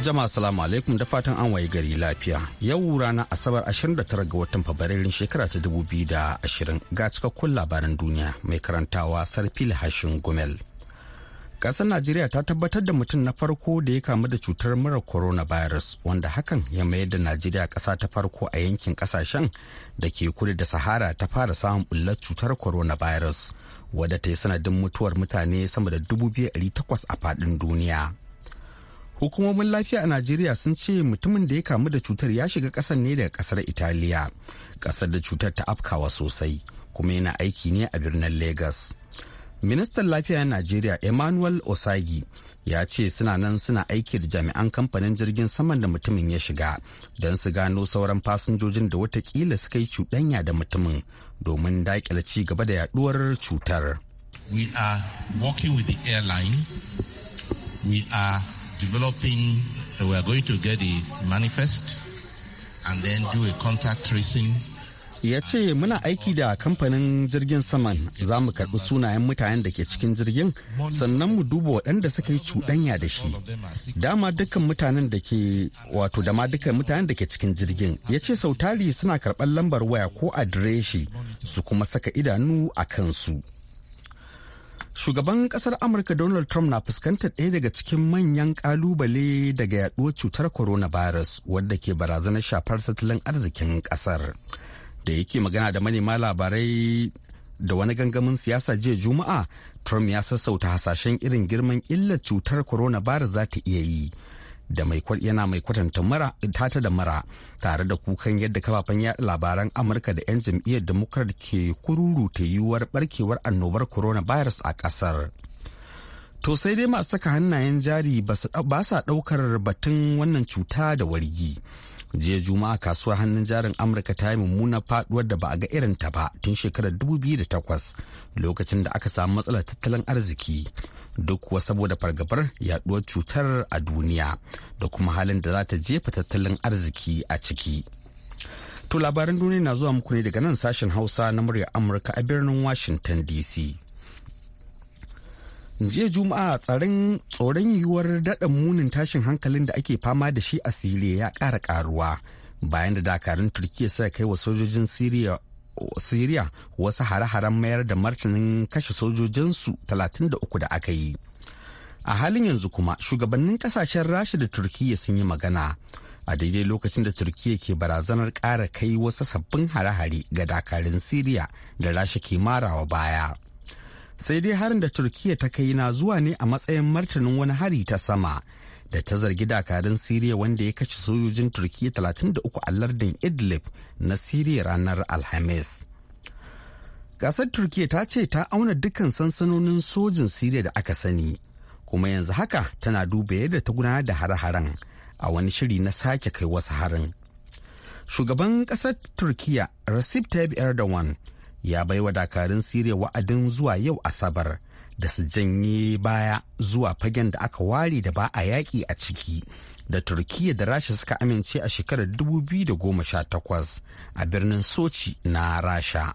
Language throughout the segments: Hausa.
Jama'a salamu alaikum da fatan an waye gari lafiya. Yau ranar Asabar 29 ga watan Fabrairun shekara ta 2020 ga cikakkun labaran duniya mai karantawa Sarfil Hashin Gumel. Ƙasar Najeriya ta tabbatar da mutum na farko da ya kamu da cutar mura coronavirus wanda hakan ya mayar da Najeriya ƙasa ta farko a yankin ƙasashen da ke kudu da Sahara ta fara samun bullar cutar coronavirus wadda ta yi sanadin mutuwar mutane sama da 2,800 a faɗin duniya. hukumomin lafiya a najeriya sun ce mutumin da ya kamu da cutar ya shiga kasar ne daga kasar italiya kasar da cutar ta afkawa sosai kuma yana aiki ne a birnin Legas. ministan lafiya na najeriya emmanuel osagi ya ce suna nan suna aiki da jami'an kamfanin jirgin saman da mutumin ya shiga don su gano sauran fasinjojin da watakila suka yi cuɗanya da mutumin domin daƙila ci gaba da yaɗuwar cutar we are working with the airline we are developing, uh, we are going to get a manifest and then do a contact tracing ya ce muna aiki da kamfanin jirgin saman za mu karɓi sunayen mutanen da ke cikin jirgin sannan mu duba waɗanda suka yi cuɗanya da shi dama dukkan mutanen da ke wato dama dukkan mutanen da ke cikin jirgin ya ce sautari suna karɓar lambar waya ko adireshi su kuma saka idanu a kansu. Shugaban kasar Amurka Donald Trump na fuskantar ɗaya daga cikin manyan ƙalubale daga yaɗuwar cutar coronavirus wadda ke barazanar shafar tattalin arzikin kasar. Da yake magana da manema labarai da wani gangamin siyasa jiya Juma'a, Trump ya sassauta hasashen irin girman illar cutar coronavirus za ta iya yi. da mai yana mai kwatanta mara tata da mara tare da kukan yadda kafafen yada labaran amurka da 'yan jam'iyyar democrat ke kururu ta yiwuwar barkewar annobar corona coronavirus a ƙasar to sai dai masu saka hannayen jari ba sa ɗaukar batun wannan cuta da wargi jiya juma'a kasuwar hannun jarin amurka ta yi mummuna faduwar da ba a ga irin ta ba tun shekarar 2008 lokacin da aka samu matsalar tattalin arziki duk kuwa saboda fargabar yaduwar cutar a duniya da kuma halin da za ta jefa tattalin arziki a ciki to labaran duniya na zuwa muku ne daga nan sashen hausa na murya amurka a birnin washington dc jiya juma'a tsaron tsoron yiwuwar daɗin munin tashin hankalin da ake fama da shi a siriya ya ƙara ƙaruwa bayan da dakarun turkiya suka kai wa sojojin siriya siriya wasu hare-haren mayar da martanin kashe sojojinsu 33 da aka yi a halin yanzu kuma shugabannin kasashen rasha da turkiyya sun yi magana a daidai lokacin da turkiyya ke barazanar kara kai wasu sabbin hare-hare ga dakarun siriya da rasha ke marawa baya sai dai harin da turkiya ta kai na zuwa ne a matsayin martanin wani hari ta sama da ta zargi dakarun siriya wanda ya kashe sojojin turkiya 33 a lardin idlib na siriya ranar alhamis gasar turkiya ta ce ta auna dukkan sansanonin sojin siriya da aka sani kuma yanzu haka tana duba yadda ta gudanar da hare-haren a wani shiri na sake kai wasu harin shugaban kasar turkiya recep tayyip erdogan ya baiwa dakarun siriya wa'adin zuwa yau asabar da su janye baya zuwa fagen da aka ware da ba a yaƙi a ciki da turkiyya da rasha suka amince a shekarar 2018 a birnin sochi na rasha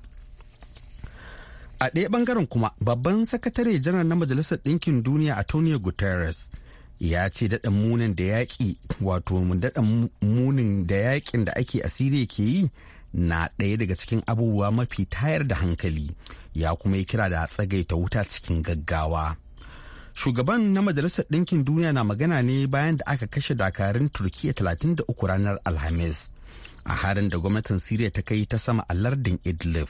a ɗaya ɓangaren kuma babban sakatare janar na majalisar ɗinkin duniya a antonio guterres ya ce daɗin munin da yaƙi wato daɗin munin da yaƙin da ake asiri ke yi na ɗaya daga cikin abubuwa mafi tayar da hankali ya kuma yi kira da tsagaita wuta cikin gaggawa shugaban na majalisar ɗinkin duniya na magana ne bayan da aka kashe dakarun turkiya 33 ranar alhamis a harin da gwamnatin siriya ta kai ta sama a lardin idlib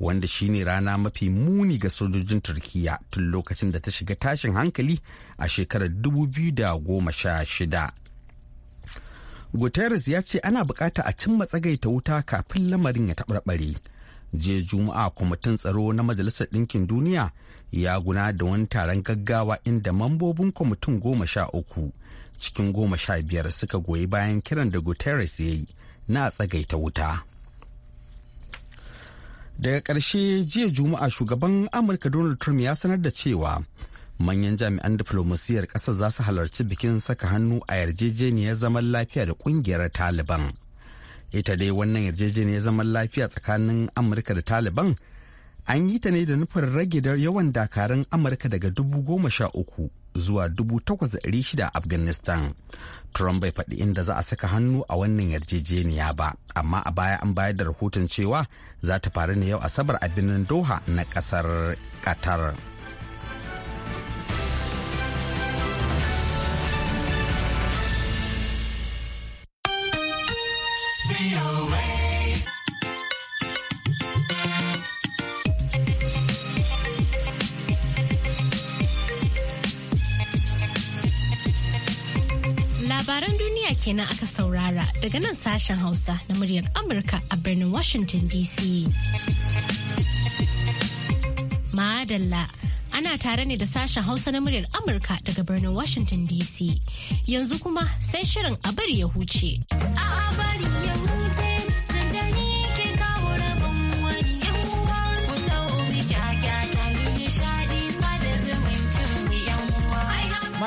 wanda shine rana mafi muni ga sojojin turkiya tun lokacin da ta shiga tashin hankali a shekarar 2016 guterres ya ce ana bukata a cimma tsagaita wuta kafin lamarin ya taɓarɓare jiya juma'a kwamitin tsaro na majalisar ɗinkin duniya ya guna da wani taron gaggawa inda mambobin kwamitin goma sha uku cikin goma sha biyar suka goyi bayan kiran da guterres ya yi na tsagaita wuta daga ƙarshe jiya juma'a shugaban amurka donald trump ya sanar da cewa manyan jami'an diflomasiyar ƙasar za su halarci bikin saka hannu a yarjejeniyar zaman lafiya da ƙungiyar taliban ita dai wannan yarjejeniyar zaman lafiya tsakanin amurka da taliban an yi ta ne da nufin rage da yawan dakarun amurka daga dubu goma sha uku zuwa dubu takwas shida a afghanistan trump bai faɗi inda za a saka hannu a wannan yarjejeniya ba amma a baya an bayar da rahoton cewa za ta faru ne yau asabar a birnin doha na ƙasar qatar kenan aka saurara daga nan sashen Hausa na muryar Amurka a birnin Washington DC. Madalla ana tare ne da sashen Hausa na muryar Amurka daga birnin Washington DC. Yanzu kuma sai shirin a bari ya huce. A bari ya huce.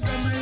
Jamaica.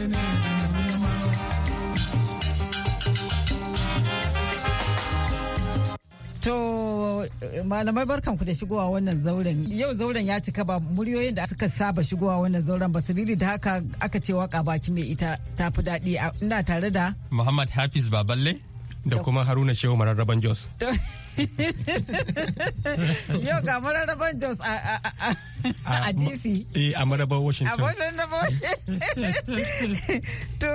To malamai barkan ku da shigowa wannan zauren yau zauren ya cika ba muryoyin da suka saba shigowa wannan zauren ba sabili da haka aka ce waka baki mai ita tafi daɗi ina tare da Muhammad Hafiz Baballe da kuma haruna shehu mararraban jos yau ga mararraban jos a dc eh, a mararraban washington to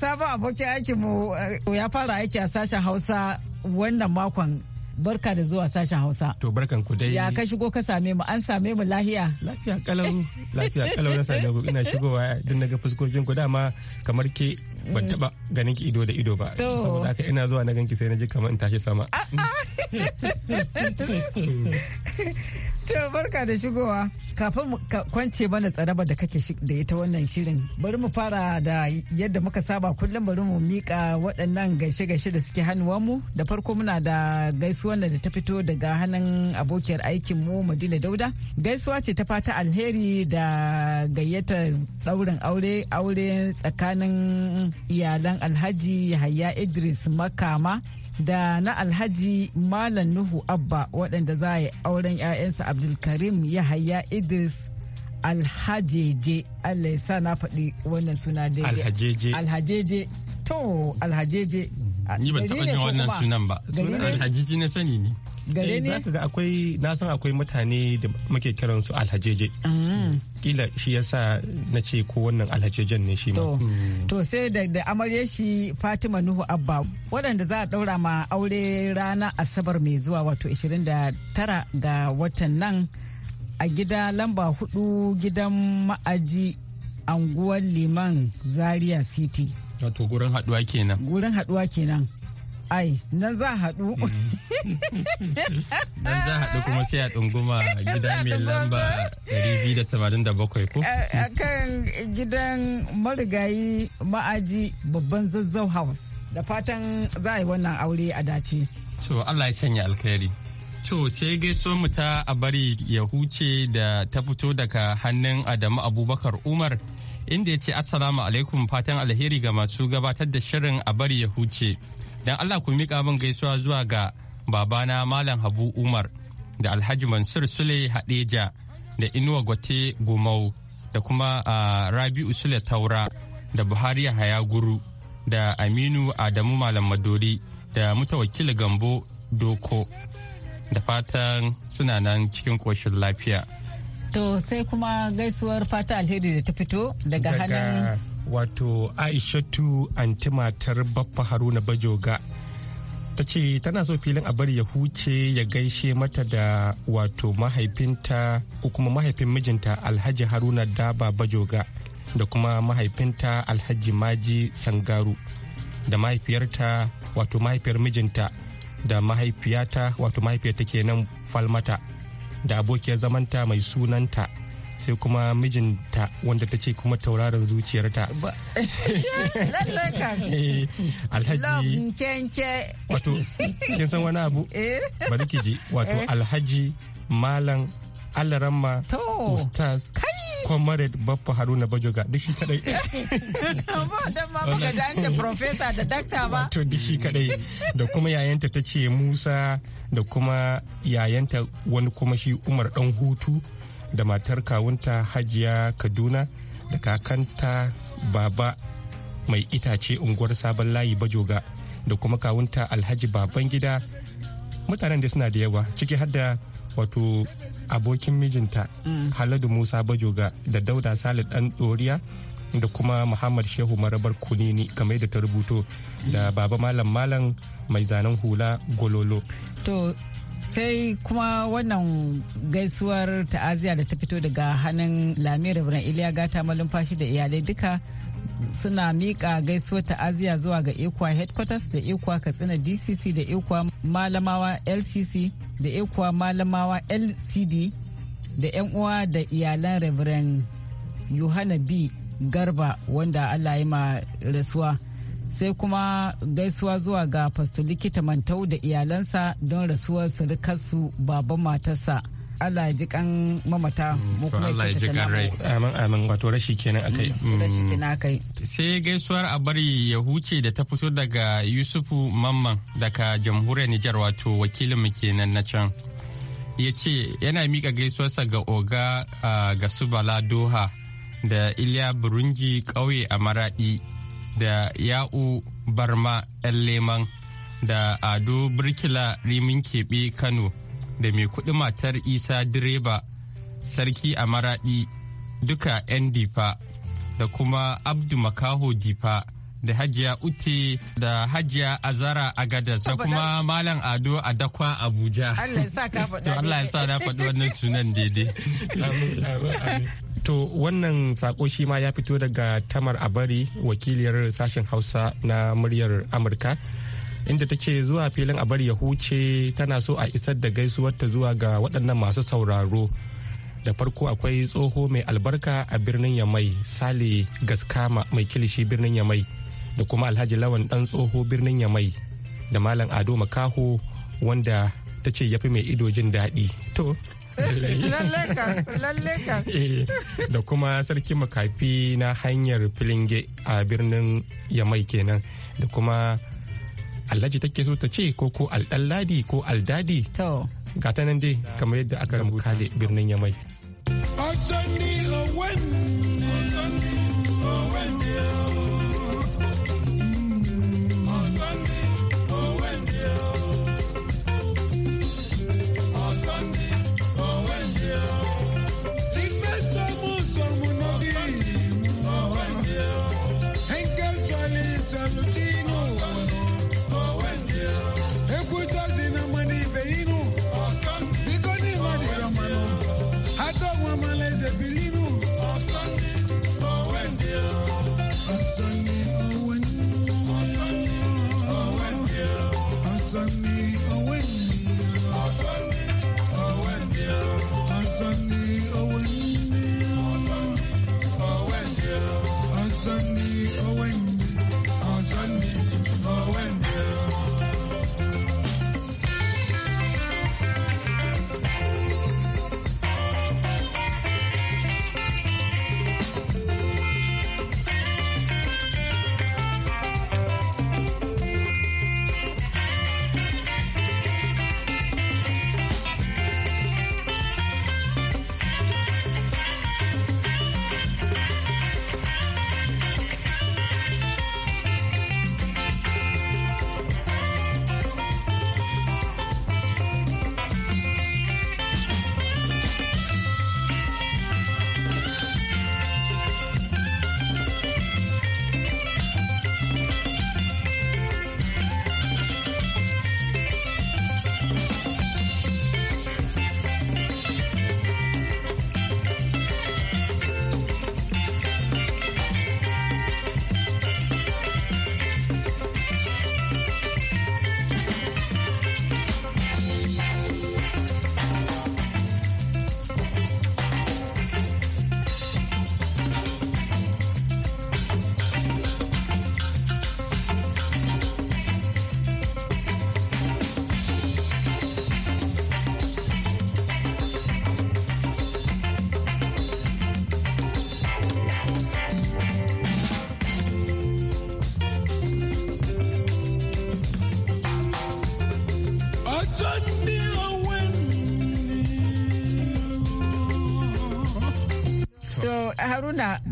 sabon abokin mu. Eh, ya fara aiki a sashen hausa wannan makon barka da zuwa sashen hausa to barkan ku dai ya ka shigo ka same mu an same mu lahiya lafiya kalau lafiya kalau na same ku ina shigowa din naga fuskokin ku dama kamar ke ban mm. taba ganin ki ido da ido ba saboda haka ina zuwa na ganki sai na ji kamar in tashi sama ah, ah. Mm. To barka da shigowa. Kafin kwance mana tsaraba da kake da ita wannan shirin. Bari mu fara da yadda muka saba kullum bari mu mika waɗannan gaishe-gaishe da suke mu Da farko muna da gaisuwa na da ta fito daga hannun abokiyar aikin mu Madina Dauda. Gaisuwa ce ta fata alheri da gayyata ɗaurin aure aure tsakanin iyalan Alhaji Yahaya Idris Makama da na alhaji malam nuhu abba waɗanda za a yi auren 'ya'yansa abdulkarim yahaya idris alhajeje allah ya sa na faɗi wannan suna daidai alhajeje alhajeje to alhajeje ni ban taɓa jin wannan sunan ba sunan alhajeje na sani ne gare eh, ne akwai na san akwai mutane da muke kiran su alhajeje ah. kila shi yasa na ce ko wannan alhajejen ne shi ma hmm. to sai da da amarya shi Fatima Nuhu Abba waɗanda za a daura ma aure rana Asabar mai zuwa wato 29 ga watan nan a gida lamba hudu gidan ma'aji anguwar liman zaria city wato gurin haduwa kenan gurin haduwa kenan ai nan za haɗu mm. nan za haɗu kuma sai a ɗunguma gida mai lamba 287 ko a kan gidan marigayi ma'aji babban zazzau house da fatan za a yi wannan aure a dace to allah ya sanya alkhairi to sai gaiso mu ta a bari ya huce da ta fito daga hannun adamu abubakar umar inda ya ce assalamu alaikum fatan alheri ga masu gabatar da shirin a bari ya huce don Allah ku mika min gaisuwa zuwa ga babana Malam Habu Umar da Alhaji Mansur Sule Hadeja da Inuwa Gwate Gumau da kuma Rabi'u Sule Taura da Buhari hayaguru da Aminu Adamu Malam Madori da mutawakil Gambo Doko da fatan suna nan cikin koshin lafiya. To sai kuma gaisuwar fata alheri da ta fito daga hannun wato Aishatu anti matar Baffa Haruna Bajoga ta ce tana so filin a bari ya huce ya gaishe mata da wato mahaifinta ko kuma mahaifin mijinta Alhaji Haruna Daba Bajoga da kuma mahaifinta Alhaji Maji Sangaru da mahaifiyarta wato mahaifiyar mijinta da mahaifiyata wato mahaifiyarta kenan falmata da abokiyar zamanta mai sunanta sai kuma mijinta wanda ta ce kuma tauraron zuciyarta. Eh, Alhaji. Wato, kin san wani abu? Eh. Bari ki ji. Wato, eh. Alhaji Malam Alaramma Ustaz. comrade baffa haruna bajoga duk shi kadai ba dan ma baka ga professor da doctor ba to duk shi kadai da kuma yayanta ta ce musa da kuma yayanta wani kuma shi umar dan hutu da matar kawunta hajiya kaduna da kakanta baba mai itace unguwar sabon layi bajoga da kuma kawunta alhaji baban gida mutanen da suna da yawa ciki har da wato abokin mijinta mm. haladu musa bajoga da dauda salih dan doriya da kuma muhammad shehu marabar kunini kamar da ta rubuto da mm. baba malam malam mai zanen hula gololo to sai kuma wannan gaisuwar ta'aziyya da ta fito daga hannun lamira birnin iliya gata fashi da iyalai duka suna miƙa gaisuwar ta'aziyya zuwa ga ikwa headquarters da ikwa katsina dcc da ikwa malamawa lcc da ikwa malamawa lcd da 'yan uwa da iyalan reverend yohana b garba wanda allah ya ma rasuwa sai kuma gaisuwa zuwa ga fasto likita mantau da iyalansa don rasuwar surukarsu baban matarsa Allah ya ji kan mamata mm, mu kuma ya ji kan rai amin amin wato rashi kenan akai mm, mm. sai gaisuwar a bari ya huce da ta fito daga Yusufu Mamman daga jamhuriyar Nijar wato wakilin mu kenan na can ya ce yana mika gaisuwarsa ga oga ah, ga subala doha da iliya burunji kauye a maraɗi da ya'u barma yan leman da ado birkila rimin keɓe kano da mai kuɗi matar isa direba sarki a maraɗi duka 'yan difa da kuma abdu makaho difa da hajiya ute da hajiya azara a gadas da kuma malam ado a dakwa abuja allah ya sa na faɗi wannan sunan daidai To wannan sako shi ma ya fito daga Tamar Abari wakiliyar sashen Hausa na muryar Amurka. inda ta ce zuwa filin abari ya huce tana so a isar da gaisuwarta zuwa ga waɗannan masu sauraro da farko akwai tsoho mai albarka a birnin yamai sale gaskama mai kilishi birnin yamai da kuma alhaji lawan dan tsoho birnin yamai da malam ado makaho wanda ta ce ya fi mai ido jin daɗi to Eh, da kuma sarki makafi na hanyar filinge a birnin yamai kenan da kuma alhaji take so ta ce ko ko aldaladi ko aldadi gata nan dai kamar yadda aka rubuta birnin yamai.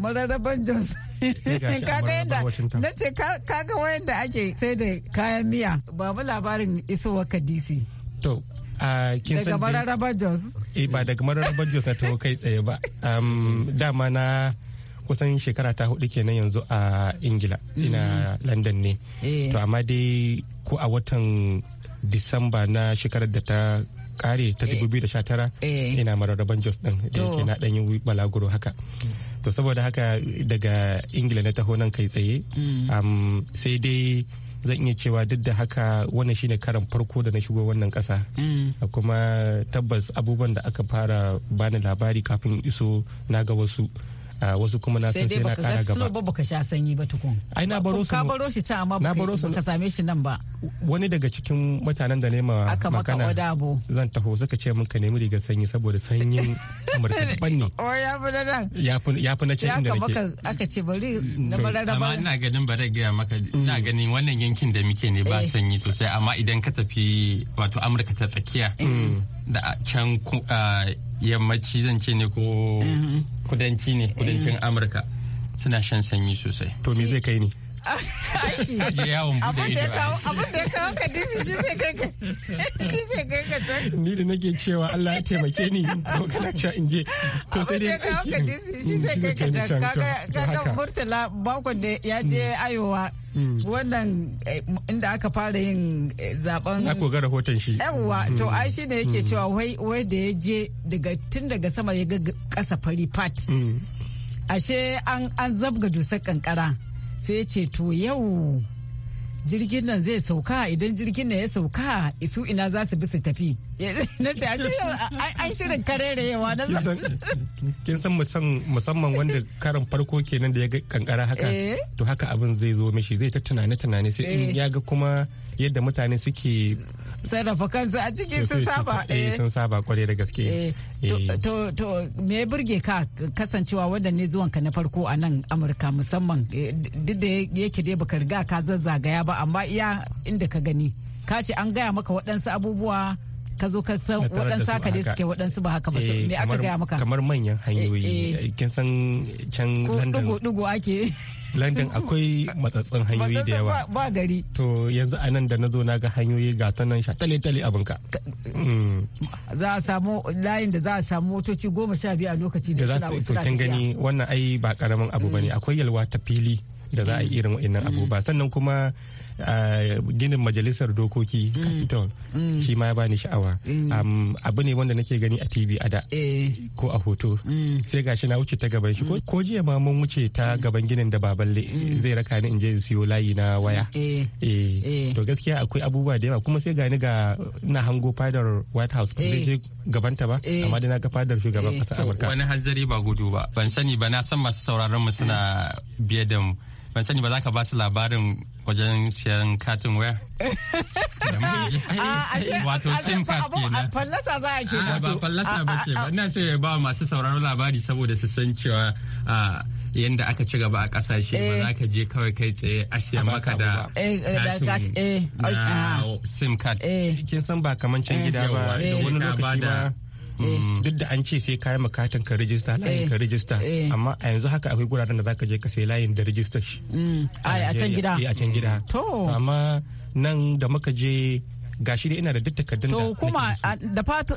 mararaban jos kaga yadda na ce kaga wanda ake sai da kayan miya babu labarin isowa ka dc to daga mararraban jos eh ba daga mararraban jos na to kai tsaye ba dama na kusan shekara ta hudu kenan yanzu a ingila ina mm. london ne eh. to amma dai ko a watan disamba na shekarar da ta kare ta 2019 eh. eh. ina mararraban jos din da yake na dan balaguro haka mm. to saboda haka daga ingila na taho nan kai tsaye mm. sai dai zan iya cewa duk da haka wannan shine karan farko da na shigo wannan kasa mm. kuma tabbas abubuwan da aka fara bani labari kafin iso na ga wasu Ah, wasu kuma na san sai na kara gaba sai dai baka sha sanyi ba tukun ai na baro su ka baro shi ta amma baka same shi nan ba wani daga cikin mutanen da nema magana zan taho suka ce min ka nemi rigar sanyi saboda sanyin amurka daban ne ya fi na nan ya fi na ce inda nake aka ce bari na da amma ina ganin ba da gaya maka mm. ina ganin wannan yankin da muke ne ba eh. sanyi sosai amma idan ka tafi wato amurka ta tsakiya mm. da can yammaci zan ce ne ko mm. kudanci ne kudancin eh. amurka suna shan sanyi sosai to me zai kai ni abin da ya kawo ka disi shi zai kai ka shi zai kai ka can ni da nake cewa Allah ya taimake ni ko kana cewa in je to sai dai ka ka disi shi zai kai ka can kaga murtala bakon da ya je ayowa mm. mm. wannan eh, inda aka fara yin eh, zaben ako ga rahoton shi yawwa to mm. ai shi ne yake cewa wai wai da ya je daga tun daga sama ya ga kasa fari pat ashe an zabga dusar kankara sai ce to yau jirgin nan zai sauka idan jirgin nan ya sauka isu ina za su bi su tafi na ce an shirin karerewa na kin san musamman wanda karan farko kenan da ya ga kankara haka eh. to haka abin zai zo mishi zai ta tunane tunane sai in eh. ya ga kuma yadda mutane suke sarrafa kansu a cikin sun eh, saba eh, eh sun saba kware da gaske eh, to me ya burge ka kasancewa wanda ne zuwan ka na farko a nan Amurka musamman duk da yake dai baka riga ka zazzagaya ba amma iya inda ka gani ka an gaya maka waɗansu abubuwa ka zo ka san waɗansu haka ne suke waɗansu ba haka ba eh, me aka gaya maka kamar manyan eh, hanyoyi eh. kin san can London ko dugu ake London akwai matsatsin hanyoyi da yawa ba gari to yanzu anan da na zo na ga hanyoyi ga ta nan tale tale abinka mm. za a samu layin da za a samu motoci goma sha biyu a lokaci da za su ito kin gani wannan ai ba karamin abu bane mm. akwai yalwa ta fili da za a yi irin wa'annan mm. abubuwa sannan kuma ginin majalisar dokoki mm. capitol mm. shi ma ya bani sha'awa abu ne wanda nake gani a tv a da eh. ko a hoto sai gashi na wuce ta gaban shi ko jiya ma mun wuce ta gaban ginin da baballe zai raka ni in je in siyo layi na waya eh. Eh. to gaskiya akwai abubuwa da yawa kuma sai gani ga na hango fadar white house zai je gabanta ba amma da na ga fadar shugaban kasar amurka wani hanzari ba gudu ba ban sani ba na san masu sauraron mu suna biye da mu ban sani ba za ka ba su labarin wajen siyan katin waya ah, ah, wato sim card kenan fallasa za a ke ah, ba fallasa ba ce ba ina so ya ba masu sauraron labari saboda su san cewa yadda aka ci gaba a kasashe ba za eh. ka je kawai kai tsaye a siya maka eh, eh, da katin na sim card kin san ba kamar can gida ba da wani lokaci ba Eh. duk da an ce sai kayan makatan ka rijista eh. layin ka rijista eh. amma a yanzu haka akwai guraren da zaka je ka sai layin da rijista shi mm. a can gida a can gida amma nan da muka je gashi dai ina da duk takardun da hukuma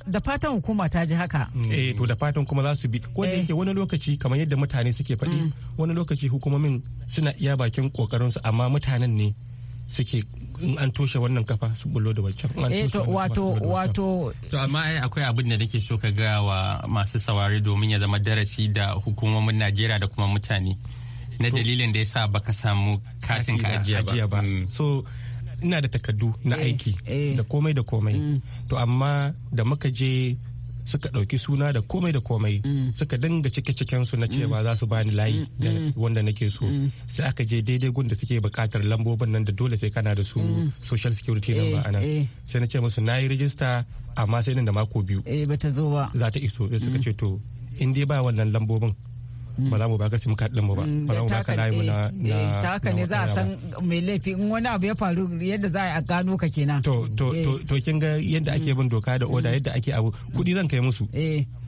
da fatan hukuma ta ji haka mm. eh to da fatan kuma za su bi ko da yake wani lokaci kamar yadda mutane suke faɗi mm. wani lokaci hukumomin suna iya bakin kokarin su amma mutanen ne suke an toshe wannan kafa su bullo da waccan eh, wato wato to amma ai akwai abin da nake so ka ga wa masu saurari domin ya zama darasi da hukumomin Najeriya da kuma mutane na dalilin da yasa baka samu katin ka ajiya ba mm. so ina da takaddu na eh, aiki eh. da komai da komai mm. to amma da muka je suka ɗauki suna da komai da komai mm. suka dinga cike ciken su na mm. cewa za su bani layi mm. da wanda nake so sai aka je daidai gun da suke bukatar lambobin nan da dole sai kana da su social security ba eh, anan eh. sai na ce musu na yi rijista amma sai nan da mako biyu eh, za ta iso sai suka ce to in dai ba wannan lambobin ba za mu ba gasim card din mu ba mm, ba za mu baka layi mu na eh, eh, ta haka ne za a san mai laifi in wani abu ya faru yadda za a gano ka kenan to eh. to to kin ga yadda ake bin doka da oda mm. yadda ake abu kuɗi zan kai musu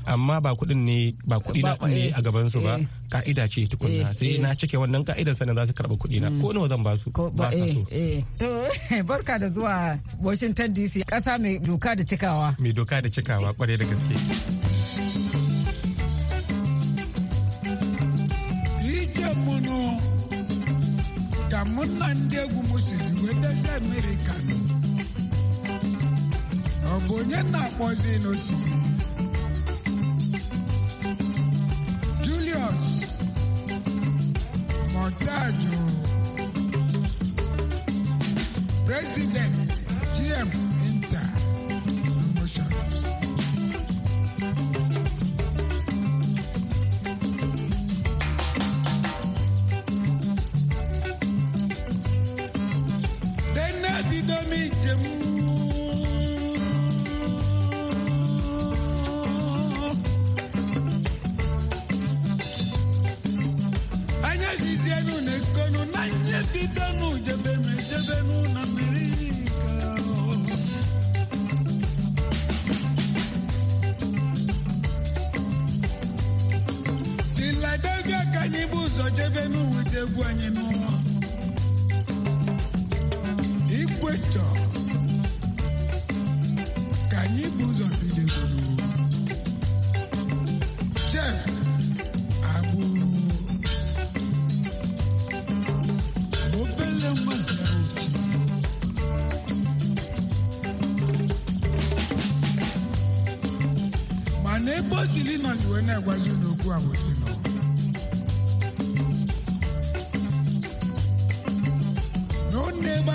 amma ba kudin ne ba kuɗi na ne a gaban su ba ka'ida ce tukunna sai na cike wannan ka'idan sanin za su karɓi kuɗi na mm. ko nawa zan ba su ba su to barka da zuwa Washington DC ƙasa mai doka da cikawa mai doka da cikawa kwarai da gaske ụmụnna ndị egwu Moses wee ọ bụ onye na-akpọzi n'osimiri Julius Montajụ prezident GM ọzọ jebe m weta egwu anyị n'ụwa ikwetọ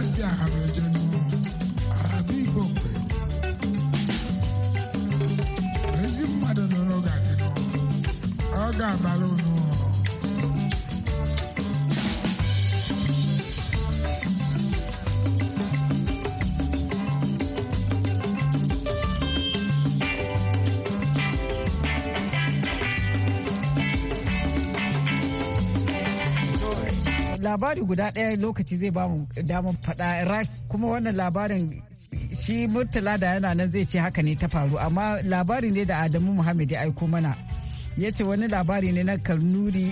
i àkàrà a ni labari guda ɗaya lokaci zai ba mu damar faɗa kuma wannan labarin shi murtala da yana nan zai ce haka ne ta faru amma labari ne da adamu muhammad ya aiko mana ya ce wani labari ne na karnuri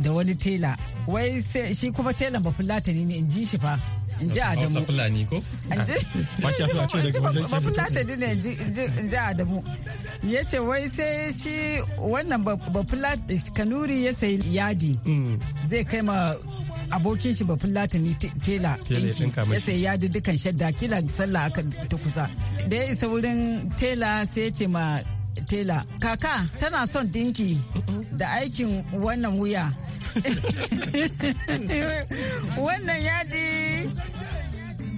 da wani tela wai shi kuma tela ba fulata ne in ji shi fa in ji adamu fulani ko ne in ji adamu ya ce wai sai shi wannan ba fulatani kanuri ya sayi yadi hmm. zai kai ma abokin shi bafin latani tela ɗinki ya sai ya ji dukan shadda kila sallah aka ta kusa da ya isa wurin tela sai ce ma tela kaka tana son dinki da aikin wannan wuya wannan yaji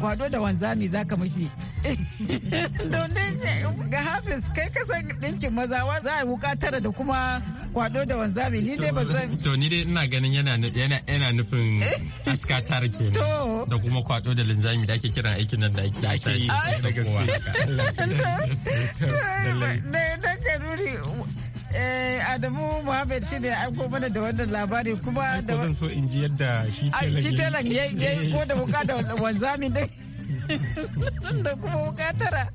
Kwado da wanzami za ka mashi. domin ga hafiz kai kasan ɗinkin mazawa za a wuka tara da kuma kwado da wanzami ni ne ba zan to ni dai ina ganin yana nufin aska tara ke da kuma kwado da linzami da ake kiran aikin nan da ake yi da gaske da da Eh, Adamu Muhammad shi ne ya aiko mana da wannan labari kuma da zan so in ji yadda shi lagi. shi lagi ya yi ko da da wanzami dai da kuma bukatara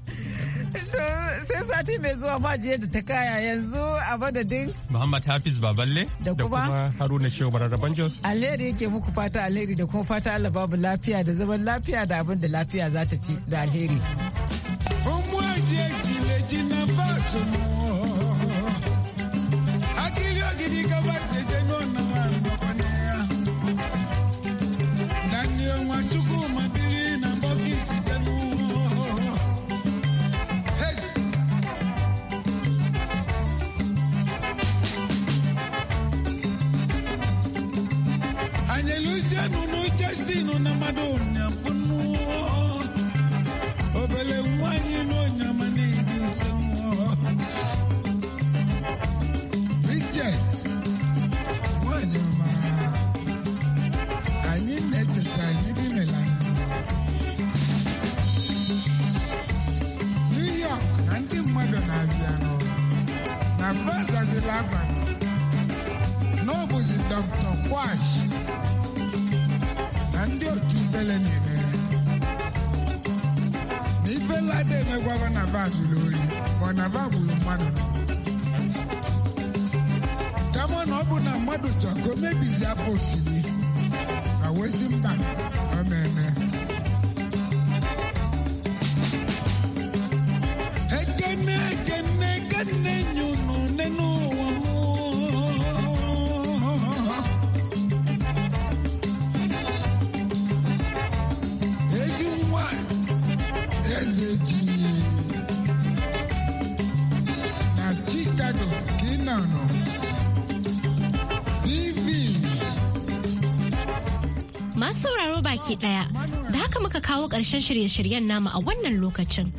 sai sati mai zuwa ma jiya da ta kaya yanzu a madadin Muhammad Hafiz Baballe da kuma Haruna Shehu Bararraban Jos alheri yake muku fata alheri da kuma fata Allah babu lafiya da zaman lafiya da abin da lafiya za ta ci da alheri. Kun mu ajiye jile ba su mu Anyelusia nunu Justin na Madonna na Fraịde dị abalị na ọ bụzi na ndị otu na nyere na ifela Ifele adịghị emegwa Banaba zụrụ ori Banaba gburu mmadụ kama na ọ bụ na mmadụ chọọ ka o mebizi afọ osimiri awezi mba baki daya da haka muka kawo ƙarshen shirye-shiryen namu a wannan lokacin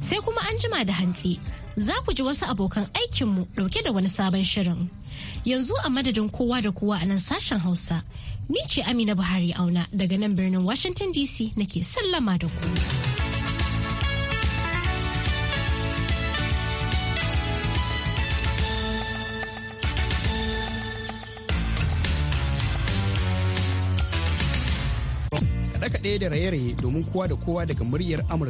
sai kuma an jima da hantsi za ku ji wasu abokan aikinmu ɗauke da wani sabon shirin yanzu a madadin kowa da kowa a nan sashen hausa ni ce amina buhari auna daga nan birnin washington dc nake sallama da ku. ɗaya da raye-raye domin kowa da kowa daga muryar Amurka.